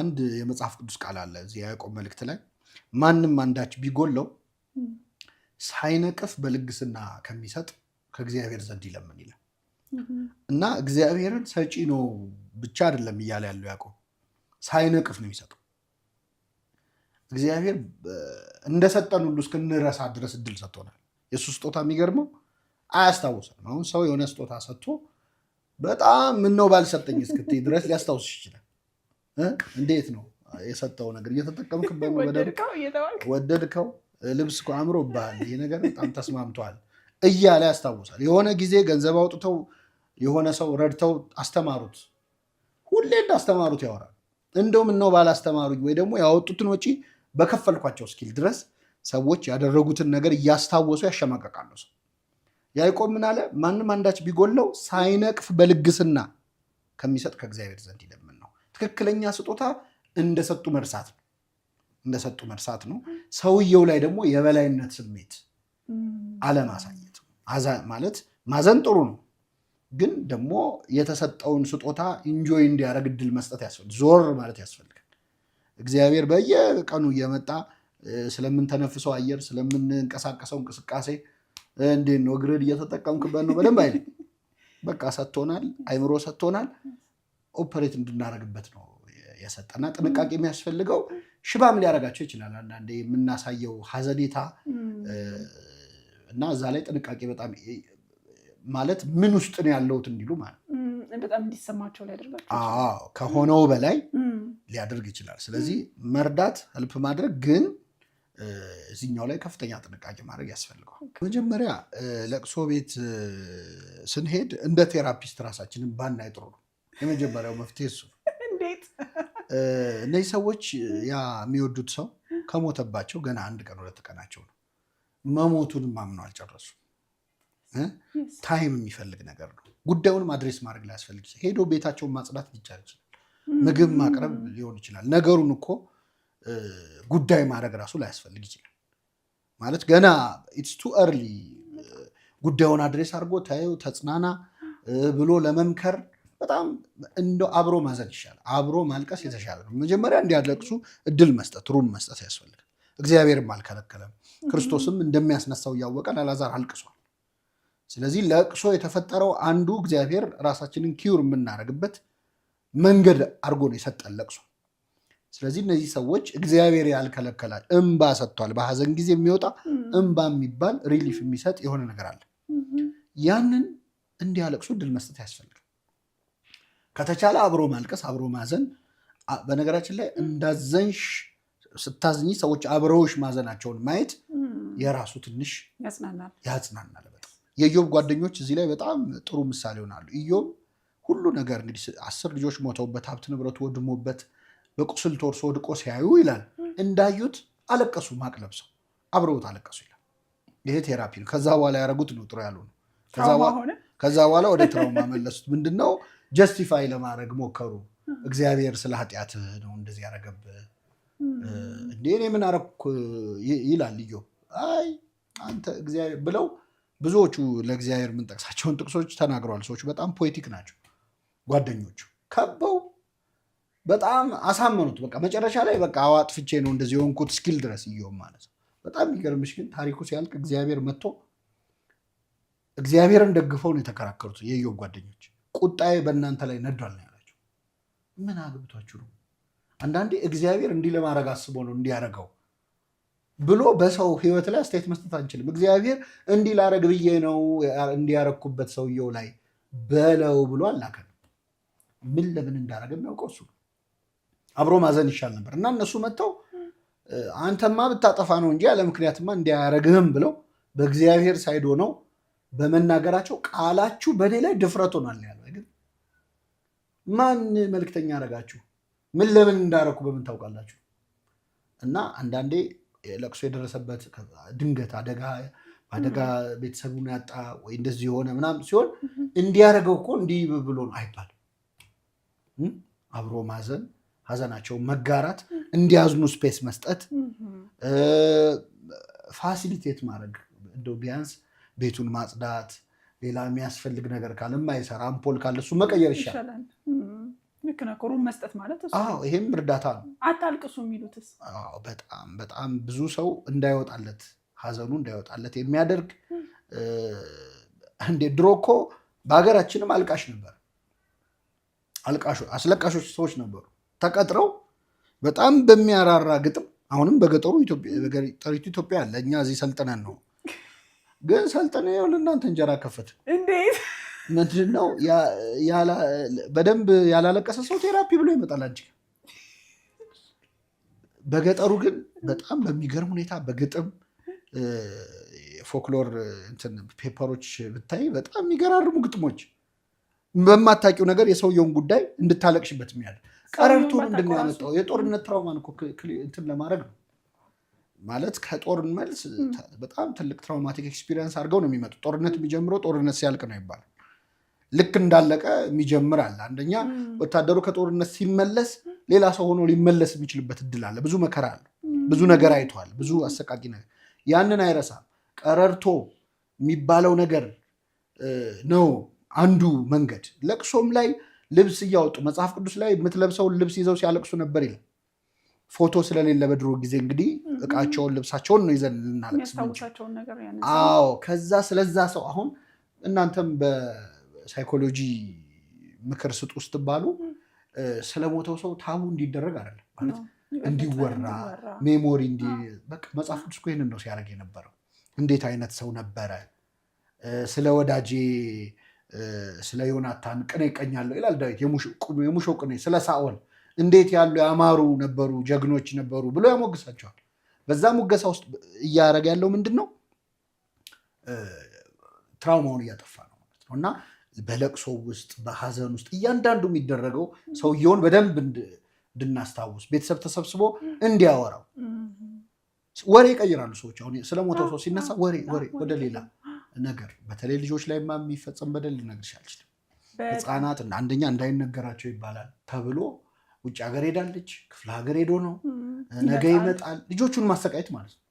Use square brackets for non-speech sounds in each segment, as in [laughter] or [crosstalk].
አንድ የመጽሐፍ ቅዱስ ቃል አለ እዚህ የያዕቆብ መልእክት ላይ ማንም አንዳች ቢጎለው ሳይነቅፍ በልግስና ከሚሰጥ ከእግዚአብሔር ዘንድ ይለምን ይላል እና እግዚአብሔርን ሰጪ ነው ብቻ አይደለም እያለ ያለው ያዕቆብ፣ ሳይነቅፍ ነው የሚሰጠው። እግዚአብሔር እንደሰጠን ሁሉ እስክንረሳ ድረስ እድል ሰጥቶናል። የእሱ ስጦታ የሚገርመው አያስታውሰንም። አሁን ሰው የሆነ ስጦታ ሰጥቶ በጣም ምነው ባልሰጠኝ እስክትይ ድረስ ሊያስታውስ ይችላል። እንዴት ነው የሰጠው ነገር እየተጠቀምክበት [laughs] ወደድከው፣ ልብስ አምሮ ባህል ይሄ ነገር በጣም ተስማምተዋል እያለ ያስታውሳል። የሆነ ጊዜ ገንዘብ አውጥተው የሆነ ሰው ረድተው አስተማሩት፣ ሁሌ እንዳስተማሩት ያወራል። እንደውም እነው ባላስተማሩኝ ወይ ደግሞ ያወጡትን ወጪ በከፈልኳቸው እስኪል ድረስ ሰዎች ያደረጉትን ነገር እያስታወሱ ያሸማቀቃሉ። ሰው ያዕቆብ ምን አለ? ማንም አንዳች ቢጎለው ሳይነቅፍ በልግስና ከሚሰጥ ከእግዚአብሔር ዘንድ ይለምናል። ትክክለኛ ስጦታ እንደሰጡ መርሳት ነው እንደሰጡ መርሳት ነው። ሰውየው ላይ ደግሞ የበላይነት ስሜት አለማሳየት ማለት ማዘን ጥሩ ነው፣ ግን ደግሞ የተሰጠውን ስጦታ ኢንጆይ እንዲያደርግ እድል መስጠት ያስፈልግ ዞር ማለት ያስፈልጋል። እግዚአብሔር በየቀኑ እየመጣ ስለምንተነፍሰው አየር ስለምንንቀሳቀሰው እንቅስቃሴ እንዴት ነው እግርን እየተጠቀምክበት ነው በደንብ አይልም። በቃ ሰጥቶናል፣ አይምሮ ሰጥቶናል። ኦፐሬት እንድናደርግበት ነው የሰጠና ጥንቃቄ የሚያስፈልገው ሽባም ሊያደርጋቸው ይችላል። አንዳንዴ የምናሳየው ሀዘኔታ እና እዛ ላይ ጥንቃቄ በጣም ማለት ምን ውስጥ ነው ያለውት እንዲሉ ማለት በጣም እንዲሰማቸው ሊያደርጋቸው ከሆነው በላይ ሊያደርግ ይችላል። ስለዚህ መርዳት ህልፕ ማድረግ ግን እዚኛው ላይ ከፍተኛ ጥንቃቄ ማድረግ ያስፈልገዋል። መጀመሪያ ለቅሶ ቤት ስንሄድ እንደ ቴራፒስት ራሳችንን ባናይ ጥሩ ነው። የመጀመሪያው መፍትሄ እሱ። እንዴት እነዚህ ሰዎች ያ የሚወዱት ሰው ከሞተባቸው ገና አንድ ቀን ሁለት ቀናቸው ነው። መሞቱን ማምነው አልጨረሱ። ታይም የሚፈልግ ነገር ነው። ጉዳዩንም አድሬስ ማድረግ ላያስፈልግ ሄዶ ቤታቸውን ማጽዳት ሊቻል ይችላል። ምግብ ማቅረብ ሊሆን ይችላል። ነገሩን እኮ ጉዳይ ማድረግ ራሱ ላያስፈልግ ይችላል። ማለት ገና ኢትስ ቱ እርሊ ጉዳዩን አድሬስ አድርጎ ታዩ ተጽናና ብሎ ለመምከር በጣም እንደ አብሮ ማዘን ይሻላል፣ አብሮ ማልቀስ የተሻለ ነው። መጀመሪያ እንዲያለቅሱ እድል መስጠት፣ ሩም መስጠት ያስፈልጋል። እግዚአብሔርም አልከለከለም። ክርስቶስም እንደሚያስነሳው እያወቀ አላዛር አልቅሷል። ስለዚህ ለቅሶ የተፈጠረው አንዱ እግዚአብሔር ራሳችንን ኪዩር የምናደርግበት መንገድ አድርጎ ነው የሰጠን ለቅሶ። ስለዚህ እነዚህ ሰዎች እግዚአብሔር ያልከለከላል እምባ ሰጥቷል። በሀዘን ጊዜ የሚወጣ እምባ የሚባል ሪሊፍ የሚሰጥ የሆነ ነገር አለ። ያንን እንዲያለቅሱ እድል መስጠት ያስፈልጋል። ከተቻለ አብሮ ማልቀስ፣ አብሮ ማዘን። በነገራችን ላይ እንዳዘንሽ ስታዝኝ ሰዎች አብረውሽ ማዘናቸውን ማየት የራሱ ትንሽ ያጽናናል። በጣም የኢዮብ ጓደኞች እዚህ ላይ በጣም ጥሩ ምሳሌ ይሆናሉ። ኢዮብ ሁሉ ነገር እንግዲህ አስር ልጆች ሞተውበት ሀብት ንብረቱ ወድሞበት በቁስል ተወርሶ ወድቆ ሲያዩ ይላል እንዳዩት አለቀሱ። ማቅ ለብሰው አብረውት አለቀሱ ይላል። ይሄ ቴራፒ ነው። ከዛ በኋላ ያደረጉት ነው ጥሩ ያልሆነ። ከዛ በኋላ ወደ ትራውማ መለሱት። ምንድን ነው ጀስቲፋይ ለማድረግ ሞከሩ። እግዚአብሔር ስለ ኃጢአትህ ነው እንደዚህ ያደረገብህ እንዴ እኔ ምን አደረኩ ይላል ልጆ አይ አንተ እግዚአብሔር ብለው ብዙዎቹ ለእግዚአብሔር የምንጠቅሳቸውን ጥቅሶች ተናግረዋል። ሰዎቹ በጣም ፖቲክ ናቸው። ጓደኞቹ ከበው በጣም አሳመኑት። በቃ መጨረሻ ላይ በቃ አዋጥ ፍቼ ነው እንደዚህ የሆንኩት እስኪል ድረስ እየውም ማለት ነው። በጣም የሚገርምሽ ግን ታሪኩ ሲያልቅ እግዚአብሔር መጥቶ እግዚአብሔርን ደግፈው ነው የተከራከሩት የኢዮብ ጓደኞች። ቁጣዬ በእናንተ ላይ ነዷል ነው ያላቸው። ምን አግብቷችሁ ነው? አንዳንዴ እግዚአብሔር እንዲህ ለማድረግ አስቦ ነው እንዲያደረገው ብሎ በሰው ህይወት ላይ አስተያየት መስጠት አንችልም። እግዚአብሔር እንዲህ ላረግ ብዬ ነው እንዲያረግኩበት ሰውየው ላይ በለው ብሎ አላከን። ምን ለምን እንዳረገ የሚያውቀው እሱ አብሮ ማዘን ይሻል ነበር እና እነሱ መጥተው አንተማ ብታጠፋ ነው እንጂ ያለ ምክንያትማ እንዲያረግህም ብለው በእግዚአብሔር ሳይድ ሆነው በመናገራቸው ቃላችሁ በእኔ ላይ ድፍረት ሆኗል ያለ ማን መልክተኛ አረጋችሁ? ምን ለምን እንዳረኩ በምን ታውቃላችሁ? እና አንዳንዴ ለቅሶ የደረሰበት ድንገት አደጋ በአደጋ ቤተሰቡን ያጣ ወይ እንደዚህ የሆነ ምናምን ሲሆን እንዲያደረገው እኮ እንዲህ ብሎ ነው አይባል። አብሮ ማዘን፣ ሀዘናቸውን መጋራት፣ እንዲያዝኑ ስፔስ መስጠት፣ ፋሲሊቴት ማድረግ እንደው ቢያንስ ቤቱን ማጽዳት ሌላ የሚያስፈልግ ነገር ካለ የማይሰራ አምፖል ካለ እሱ መቀየር ይሻላል። ልክ ነው። ሩም መስጠት ማለት ይሄም እርዳታ ነው። አታልቅሱ የሚሉትስ በጣም በጣም ብዙ ሰው እንዳይወጣለት ሀዘኑ እንዳይወጣለት የሚያደርግ እንዴ ድሮ እኮ በሀገራችንም አልቃሽ ነበር። አስለቃሾች ሰዎች ነበሩ ተቀጥረው በጣም በሚያራራ ግጥም አሁንም በገጠሩ ጠሪቱ ኢትዮጵያ አለ። እኛ እዚህ ሰልጥነን ነው ግን ሰልጥነ ያው ለእናንተ እንጀራ ከፈት። እንዴት ምንድን ነው በደንብ ያላለቀሰ ሰው ቴራፒ ብሎ ይመጣል። አንቺ በገጠሩ ግን በጣም በሚገርም ሁኔታ በግጥም ፎክሎር እንትን ፔፐሮች ብታይ በጣም የሚገራርሙ ግጥሞች በማታውቂው ነገር የሰውየውን ጉዳይ እንድታለቅሽበት የሚያል ቀረርቶ ምንድን ነው ያመጣው? የጦርነት ትራውማን እንትን ለማድረግ ነው ማለት ከጦርን መልስ በጣም ትልቅ ትራውማቲክ ኤክስፒሪየንስ አድርገው ነው የሚመጡ ጦርነት የሚጀምረው ጦርነት ሲያልቅ ነው ይባላል። ልክ እንዳለቀ የሚጀምር አለ። አንደኛ ወታደሩ ከጦርነት ሲመለስ ሌላ ሰው ሆኖ ሊመለስ የሚችልበት እድል አለ። ብዙ መከራ አለ። ብዙ ነገር አይተዋል፣ ብዙ አሰቃቂ ነገር ያንን አይረሳም። ቀረርቶ የሚባለው ነገር ነው አንዱ መንገድ። ለቅሶም ላይ ልብስ እያወጡ መጽሐፍ ቅዱስ ላይ የምትለብሰውን ልብስ ይዘው ሲያለቅሱ ነበር ይላል። ፎቶ ስለሌለ በድሮ ጊዜ እንግዲህ እቃቸውን ልብሳቸውን ነው ይዘን ልናለቅስ። ከዛ ስለዛ ሰው አሁን እናንተም በሳይኮሎጂ ምክር ስጡ ስትባሉ ስለሞተው ሰው ታቡ እንዲደረግ አይደለም ማለት እንዲወራ ሜሞሪ እንዲ በቃ መጽሐፍ ቅዱስ ይህንን ነው ሲያደርግ የነበረው። እንዴት አይነት ሰው ነበረ? ስለ ወዳጄ ስለ ዮናታን ቅኔ ይቀኛለሁ ይላል ዳዊት። የሙሾ ቅኔ ስለ ሳኦል እንዴት ያሉ ያማሩ ነበሩ፣ ጀግኖች ነበሩ ብሎ ያሞግሳቸዋል። በዛ ሙገሳ ውስጥ እያደረገ ያለው ምንድን ነው? ትራውማውን እያጠፋ ነው ማለት ነው። እና በለቅሶ ውስጥ በሀዘን ውስጥ እያንዳንዱ የሚደረገው ሰውየውን በደንብ እንድናስታውስ ቤተሰብ ተሰብስቦ እንዲያወራው ወሬ ይቀይራሉ ሰዎች። አሁን ስለሞተው ሰው ሲነሳ ወሬ ወሬ ወደ ሌላ ነገር፣ በተለይ ልጆች ላይ የሚፈጸም በደል ልነግርሽ አልችልም። ህፃናት አንደኛ እንዳይነገራቸው ይባላል ተብሎ ውጭ ሀገር ሄዳለች፣ ክፍለ ሀገር ሄዶ ነው፣ ነገ ይመጣል። ልጆቹን ማሰቃየት ማለት ነው።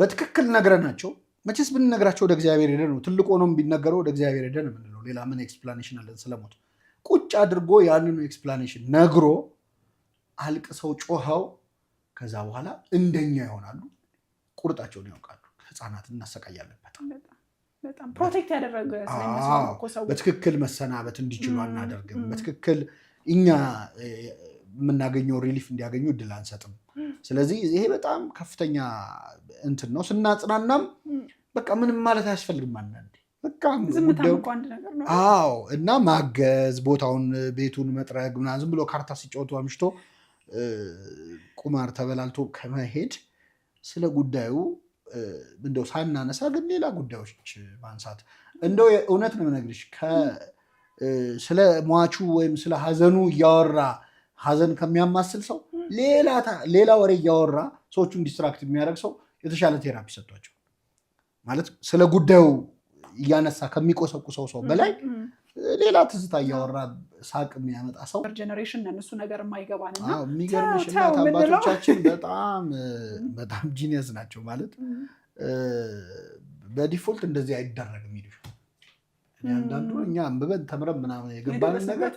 በትክክል ነግረናቸው መቼስ ብንነግራቸው ወደ እግዚአብሔር ሄደ ነው ትልቅ ሆኖ ቢነገረው ወደ እግዚአብሔር ሄደ ነው የምንለው። ሌላ ምን ኤክስፕላኔሽን አለን? ስለሞት ቁጭ አድርጎ ያንኑ ኤክስፕላኔሽን ነግሮ አልቅሰው ጮኸው፣ ከዛ በኋላ እንደኛ ይሆናሉ። ቁርጣቸውን ያውቃሉ። ህፃናት እናሰቃያለን። በጣም ፕሮቴክት ያደረገ በትክክል መሰናበት እንዲችሉ አናደርግም። በትክክል እኛ የምናገኘው ሪሊፍ እንዲያገኙ እድል አንሰጥም። ስለዚህ ይሄ በጣም ከፍተኛ እንትን ነው። ስናጽናናም በቃ ምንም ማለት አያስፈልግም። አንዳንዴ እና ማገዝ፣ ቦታውን ቤቱን መጥረግ ዝም ብሎ ካርታ ሲጫወቱ አምሽቶ ቁማር ተበላልቶ ከመሄድ ስለ ጉዳዩ እንደው ሳናነሳ ግን ሌላ ጉዳዮች ማንሳት እንደው እውነት ነው የምነግርሽ ስለ ሟቹ ወይም ስለ ሀዘኑ እያወራ ሀዘን ከሚያማስል ሰው ሌላ ወሬ እያወራ ሰዎቹ ዲስትራክት የሚያደርግ ሰው የተሻለ ቴራፒ ሰጥቷቸው ማለት ስለ ጉዳዩ እያነሳ ከሚቆሰቁሰው ሰው በላይ ሌላ ትዝታ እያወራ ሳቅ የሚያመጣ ሰው ጀኔሬሽን እነሱ ነገር የሚገርምሽ እናት አባቶቻችን [laughs] በጣም በጣም ጂኒየስ ናቸው። ማለት በዲፎልት እንደዚህ አይደረግም ይሉሽ አንዳንዱ እኛ አንብበን ተምረን ምናምን የገባንን ነገር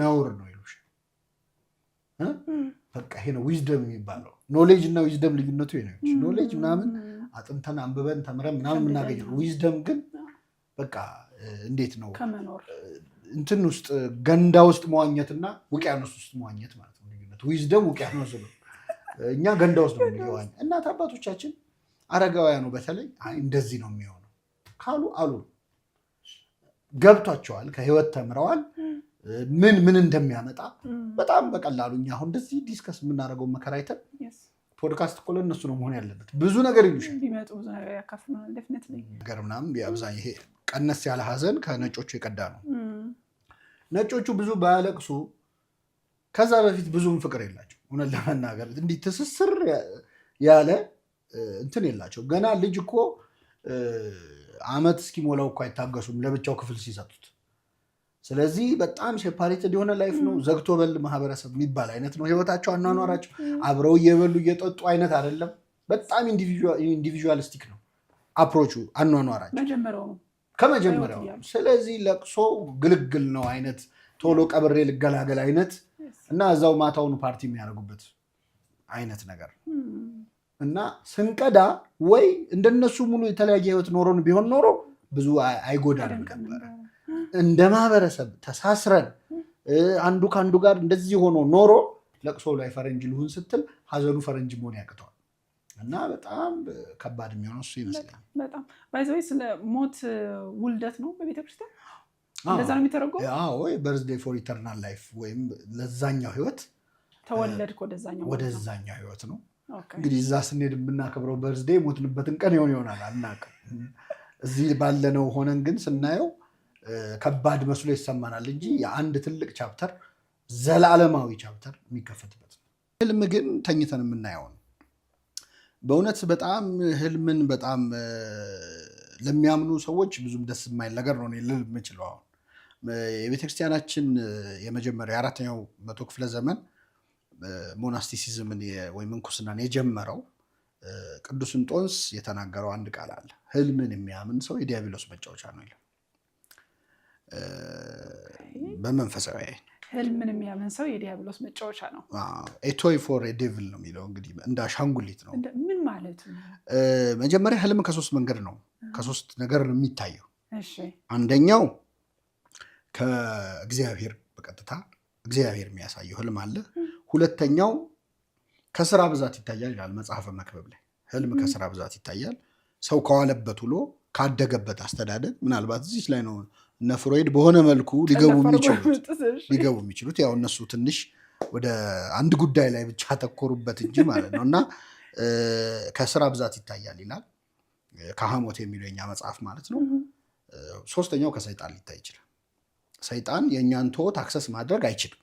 ነውር ነው ይሉሽ። በቃ ይሄ ነው ዊዝደም የሚባለው። ኖሌጅ እና ዊዝደም ልዩነቱ ነች። ኖሌጅ ምናምን አጥንተን አንብበን ተምረን ምናምን ነው። ዊዝደም ግን በቃ እንዴት ነው እንትን ውስጥ ገንዳ ውስጥ መዋኘትና ውቅያኖስ ውስጥ መዋኘት ማለት ነው ልዩነቱ። ዊዝደም ውቅያኖስ ነው፣ እኛ ገንዳ ውስጥ ነው የሚዋኝ። እናት አባቶቻችን አረጋውያኑ በተለይ እንደዚህ ነው የሚሆነው ካሉ አሉ ገብቷቸዋል፣ ከህይወት ተምረዋል። ምን ምን እንደሚያመጣ በጣም በቀላሉ እኛ አሁን እንደዚህ ዲስከስ የምናደርገው መከራ አይተን ፖድካስት እኮ ለእነሱ ነው መሆን ያለበት። ብዙ ነገር ይሉሻል ነገር ምናምን አብዛኛው ይሄ ቀነስ ያለ ሀዘን ከነጮቹ የቀዳ ነው። ነጮቹ ብዙ ባያለቅሱ ከዛ በፊት ብዙም ፍቅር የላቸው እውነት ለመናገር እንዲህ ትስስር ያለ እንትን የላቸው። ገና ልጅ እኮ አመት እስኪሞላው እኮ አይታገሱም ለብቻው ክፍል ሲሰጡት። ስለዚህ በጣም ሴፓሬትድ የሆነ ላይፍ ነው። ዘግቶ በል ማህበረሰብ የሚባል አይነት ነው ህይወታቸው፣ አኗኗራቸው አብረው እየበሉ እየጠጡ አይነት አይደለም። በጣም ኢንዲቪዥዋሊስቲክ ነው አፕሮቹ፣ አኗኗራቸው ከመጀመሪያው። ስለዚህ ለቅሶ ግልግል ነው አይነት ቶሎ ቀብሬ ልገላገል አይነት እና እዛው ማታውኑ ፓርቲ የሚያደርጉበት አይነት ነገር እና ስንቀዳ ወይ እንደነሱ ሙሉ የተለያየ ህይወት ኖሮን ቢሆን ኖሮ ብዙ አይጎዳንም ነበረ። እንደ ማህበረሰብ ተሳስረን አንዱ ከአንዱ ጋር እንደዚህ ሆኖ ኖሮ ለቅሶ ላይ ፈረንጅ ልሁን ስትል ሀዘኑ ፈረንጅ መሆን ያቅተዋል። እና በጣም ከባድ የሚሆነው እሱ ይመስላል። በጣም ባይዘወይ ስለ ሞት ውልደት ነው በቤተክርስቲያን እንደዛ ነው የሚተረጎም። ወይ በርዝዴ ፎር ኢተርናል ላይፍ ወይም ለዛኛው ህይወት ተወለድክ ወደዛኛው ህይወት ነው እንግዲህ እዛ ስንሄድ የምናከብረው በርዝዴ የሞትንበትን ቀን ይሆን ይሆናል አናውቅም። እዚህ ባለነው ሆነን ግን ስናየው ከባድ መስሎ ይሰማናል እንጂ የአንድ ትልቅ ቻፕተር ዘላለማዊ ቻፕተር የሚከፈትበት ነው። ህልም ግን ተኝተን የምናየው ነው። በእውነት በጣም ህልምን በጣም ለሚያምኑ ሰዎች ብዙም ደስ የማይል ነገር ነው ልል የምችለው አሁን የቤተክርስቲያናችን የመጀመሪያ የአራተኛው መቶ ክፍለ ዘመን ሞናስቲሲዝምን ወይም ምንኩስናን የጀመረው ቅዱስ እንጦንስ የተናገረው አንድ ቃል አለ። ህልምን የሚያምን ሰው የዲያብሎስ መጫወቻ ነው ይላል። በመንፈሳዊ ህልምን የሚያምን ሰው የዲያብሎስ መጫወቻ ነው። ቶይ ፎር ዴቪል ነው የሚለው እንግዲህ እንደ አሻንጉሊት ነው። ምን ማለት ነው? መጀመሪያ ህልም ከሶስት መንገድ ነው ከሶስት ነገር ነው የሚታየው። አንደኛው ከእግዚአብሔር በቀጥታ እግዚአብሔር የሚያሳየው ህልም አለ። ሁለተኛው ከስራ ብዛት ይታያል ይላል መጽሐፈ መክብብ ላይ። ህልም ከስራ ብዛት ይታያል። ሰው ከዋለበት ውሎ ካደገበት አስተዳደግ ምናልባት እዚች ላይ ነው እነ ፍሮይድ በሆነ መልኩ ሊገቡ የሚችሉት ሊገቡ የሚችሉት ያው እነሱ ትንሽ ወደ አንድ ጉዳይ ላይ ብቻ አተኮሩበት እንጂ ማለት ነው እና ከስራ ብዛት ይታያል ይላል ከሐሞት የሚለው የኛ መጽሐፍ ማለት ነው። ሶስተኛው ከሰይጣን ሊታይ ይችላል። ሰይጣን የእኛን ቶት አክሰስ ማድረግ አይችልም።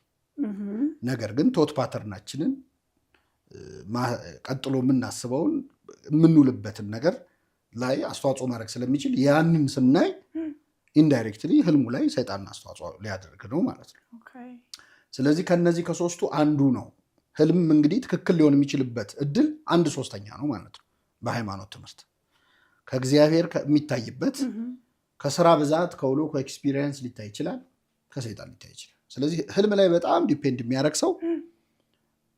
ነገር ግን ቶት ፓተርናችንን ቀጥሎ የምናስበውን የምንውልበትን ነገር ላይ አስተዋጽኦ ማድረግ ስለሚችል ያንን ስናይ ኢንዳይሬክትሊ ህልሙ ላይ ሰይጣን አስተዋጽኦ ሊያደርግ ነው ማለት ነው። ስለዚህ ከነዚህ ከሶስቱ አንዱ ነው። ህልም እንግዲህ ትክክል ሊሆን የሚችልበት እድል አንድ ሶስተኛ ነው ማለት ነው። በሃይማኖት ትምህርት ከእግዚአብሔር የሚታይበት፣ ከስራ ብዛት፣ ከውሎ፣ ከኤክስፒሪየንስ ሊታይ ይችላል፣ ከሰይጣን ሊታይ ይችላል። ስለዚህ ህልም ላይ በጣም ዲፔንድ የሚያደርግ ሰው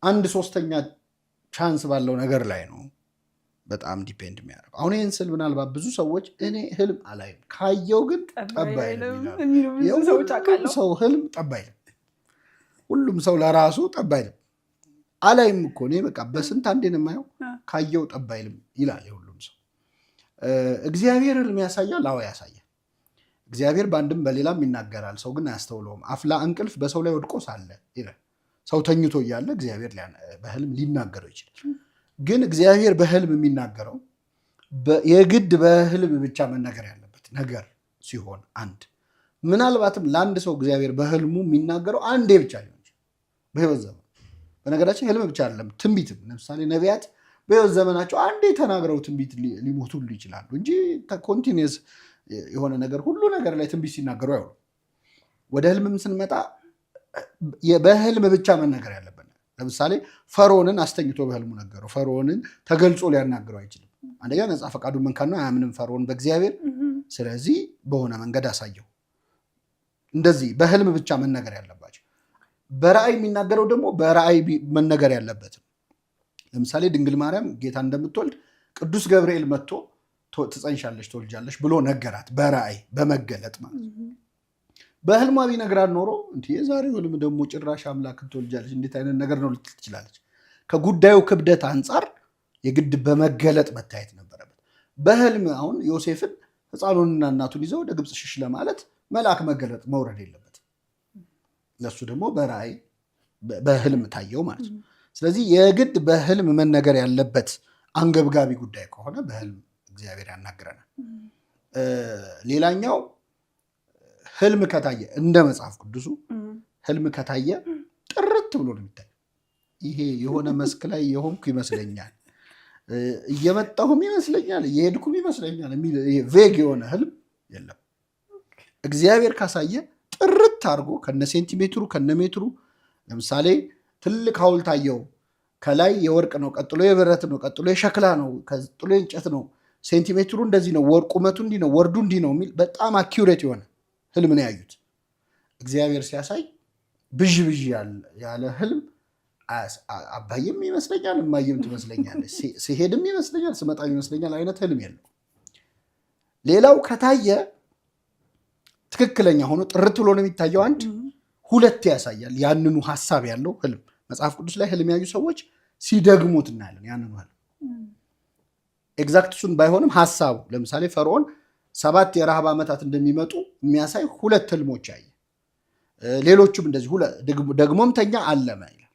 አንድ ሶስተኛ ቻንስ ባለው ነገር ላይ ነው በጣም ዲፔንድ የሚያደርገው። አሁን ይህን ስል ምናልባት ብዙ ሰዎች እኔ ህልም አላይም፣ ካየው ግን ጠባይ ሁሉም ሰው ህልም ጠባይ፣ ሁሉም ሰው ለራሱ ጠባይ አላይም እኮ እኔ በቃ በስንት አንዴን የማየው ካየው ጠባይልም ይላል የሁሉም ሰው። እግዚአብሔር ህልም ያሳያል? አዎ ያሳያል። እግዚአብሔር በአንድም በሌላም ይናገራል፣ ሰው ግን አያስተውለውም። አፍላ እንቅልፍ በሰው ላይ ወድቆ ሳለ ይላል። ሰው ተኝቶ እያለ እግዚአብሔር በህልም ሊናገረው ይችላል። ግን እግዚአብሔር በህልም የሚናገረው የግድ በህልም ብቻ መነገር ያለበት ነገር ሲሆን አንድ ምናልባትም ለአንድ ሰው እግዚአብሔር በህልሙ የሚናገረው አንዴ ብቻ ሊሆን ይችላል በህይወት ዘመን። በነገራችን ህልም ብቻ አይደለም ትንቢትም። ለምሳሌ ነቢያት በህይወት ዘመናቸው አንዴ ተናግረው ትንቢት ሊሞቱሉ ይችላሉ እንጂ ኮንቲኒየስ የሆነ ነገር ሁሉ ነገር ላይ ትንቢት ሲናገሩ አይሆኑ። ወደ ህልምም ስንመጣ በህልም ብቻ መነገር ያለብን ለምሳሌ ፈርዖንን አስተኝቶ በህልሙ ነገረው። ፈርዖንን ተገልጾ ሊያናግረው አይችልም። አንደኛ ነፃ ፈቃዱ መንካድ ነው፣ አያምንም ፈርዖን በእግዚአብሔር። ስለዚህ በሆነ መንገድ አሳየው። እንደዚህ በህልም ብቻ መነገር ያለባቸው። በራእይ የሚናገረው ደግሞ በራእይ መነገር ያለበትም። ለምሳሌ ድንግል ማርያም ጌታ እንደምትወልድ ቅዱስ ገብርኤል መጥቶ ትጸንሻለሽ ትወልጃለሽ ብሎ ነገራት። በራእይ በመገለጥ ማለት በህልሟ ቢነግራት ኖሮ እንዲ የዛሬው ህልም ደግሞ ጭራሽ አምላክን ትወልጃለች እንዴት አይነት ነገር ነው ልትል ትችላለች። ከጉዳዩ ክብደት አንጻር የግድ በመገለጥ መታየት ነበረበት። በህልም አሁን ዮሴፍን ህፃኑንና እናቱን ይዘው ወደ ግብፅ ሽሽ ለማለት መልአክ መገለጥ መውረድ የለበት። ለሱ ደግሞ በራእይ በህልም ታየው ማለት ነው። ስለዚህ የግድ በህልም መነገር ያለበት አንገብጋቢ ጉዳይ ከሆነ በህልም እግዚአብሔር ያናግረናል። ሌላኛው ህልም ከታየ እንደ መጽሐፍ ቅዱሱ ህልም ከታየ ጥርት ብሎ ነው የሚታየው። ይሄ የሆነ መስክ ላይ የሆንኩ ይመስለኛል፣ እየመጣሁም ይመስለኛል፣ እየሄድኩም ይመስለኛል የሚል ቬግ የሆነ ህልም የለም። እግዚአብሔር ካሳየ ጥርት አድርጎ ከነ ሴንቲሜትሩ ከነ ሜትሩ። ለምሳሌ ትልቅ ሐውልት አየው። ከላይ የወርቅ ነው፣ ቀጥሎ የብረት ነው፣ ቀጥሎ የሸክላ ነው፣ ቀጥሎ የእንጨት ነው ሴንቲሜትሩ እንደዚህ ነው፣ ወር ቁመቱ እንዲህ ነው፣ ወርዱ እንዲህ ነው የሚል በጣም አኪውሬት የሆነ ህልም ነው ያዩት። እግዚአብሔር ሲያሳይ ብዥ ብዥ ያለ ህልም አባይም ይመስለኛል እማዬም ትመስለኛለች፣ ሲሄድም ይመስለኛል፣ ስመጣም ይመስለኛል አይነት ህልም የለው። ሌላው ከታየ ትክክለኛ ሆኖ ጥርት ብሎ ነው የሚታየው። አንድ ሁለት ያሳያል ያንኑ ሀሳብ ያለው ህልም። መጽሐፍ ቅዱስ ላይ ህልም ያዩ ሰዎች ሲደግሙት እናያለን ያንኑ ህልም ኤግዛክት እሱን ባይሆንም ሀሳቡ ለምሳሌ ፈርዖን ሰባት የረሃብ ዓመታት እንደሚመጡ የሚያሳይ ሁለት ህልሞች አየ። ሌሎቹም እንደዚህ ደግሞም ተኛ አለመ ይላል።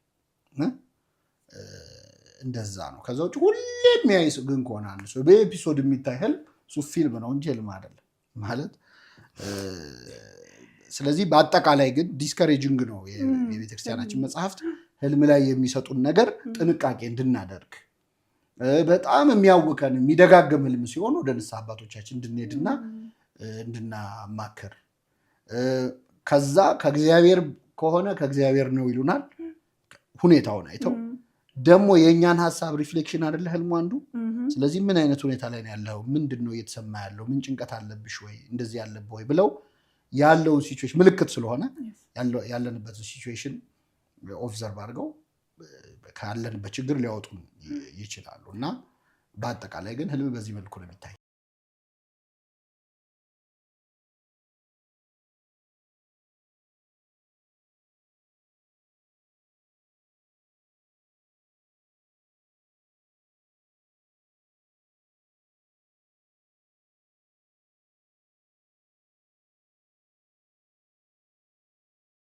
እንደዛ ነው። ከዛ ውጭ ሁሌ የሚያይ ግን ከሆነ አንድ ሰው በኤፒሶድ የሚታይ ህልም እሱ ፊልም ነው እንጂ ህልም አይደለም ማለት ስለዚህ በአጠቃላይ ግን ዲስከሬጅንግ ነው የቤተክርስቲያናችን መጽሐፍት ህልም ላይ የሚሰጡን ነገር ጥንቃቄ እንድናደርግ በጣም የሚያውከን የሚደጋግም ህልም ሲሆን ወደ ንስሐ አባቶቻችን እንድንሄድና እንድናማክር ከዛ ከእግዚአብሔር ከሆነ ከእግዚአብሔር ነው ይሉናል። ሁኔታውን አይተው ደግሞ የእኛን ሀሳብ ሪፍሌክሽን አደለ ህልሙ አንዱ። ስለዚህ ምን አይነት ሁኔታ ላይ ነው ያለው? ምንድን ነው እየተሰማ ያለው? ምን ጭንቀት አለብሽ ወይ እንደዚህ ያለብ ወይ ብለው ያለውን ሲዌሽን ምልክት ስለሆነ ያለንበትን ሲዌሽን ኦብዘርቭ አድርገው ካለንበት በችግር ሊያወጡን ይችላሉ እና በአጠቃላይ ግን ህልም በዚህ መልኩ ነው የሚታይ።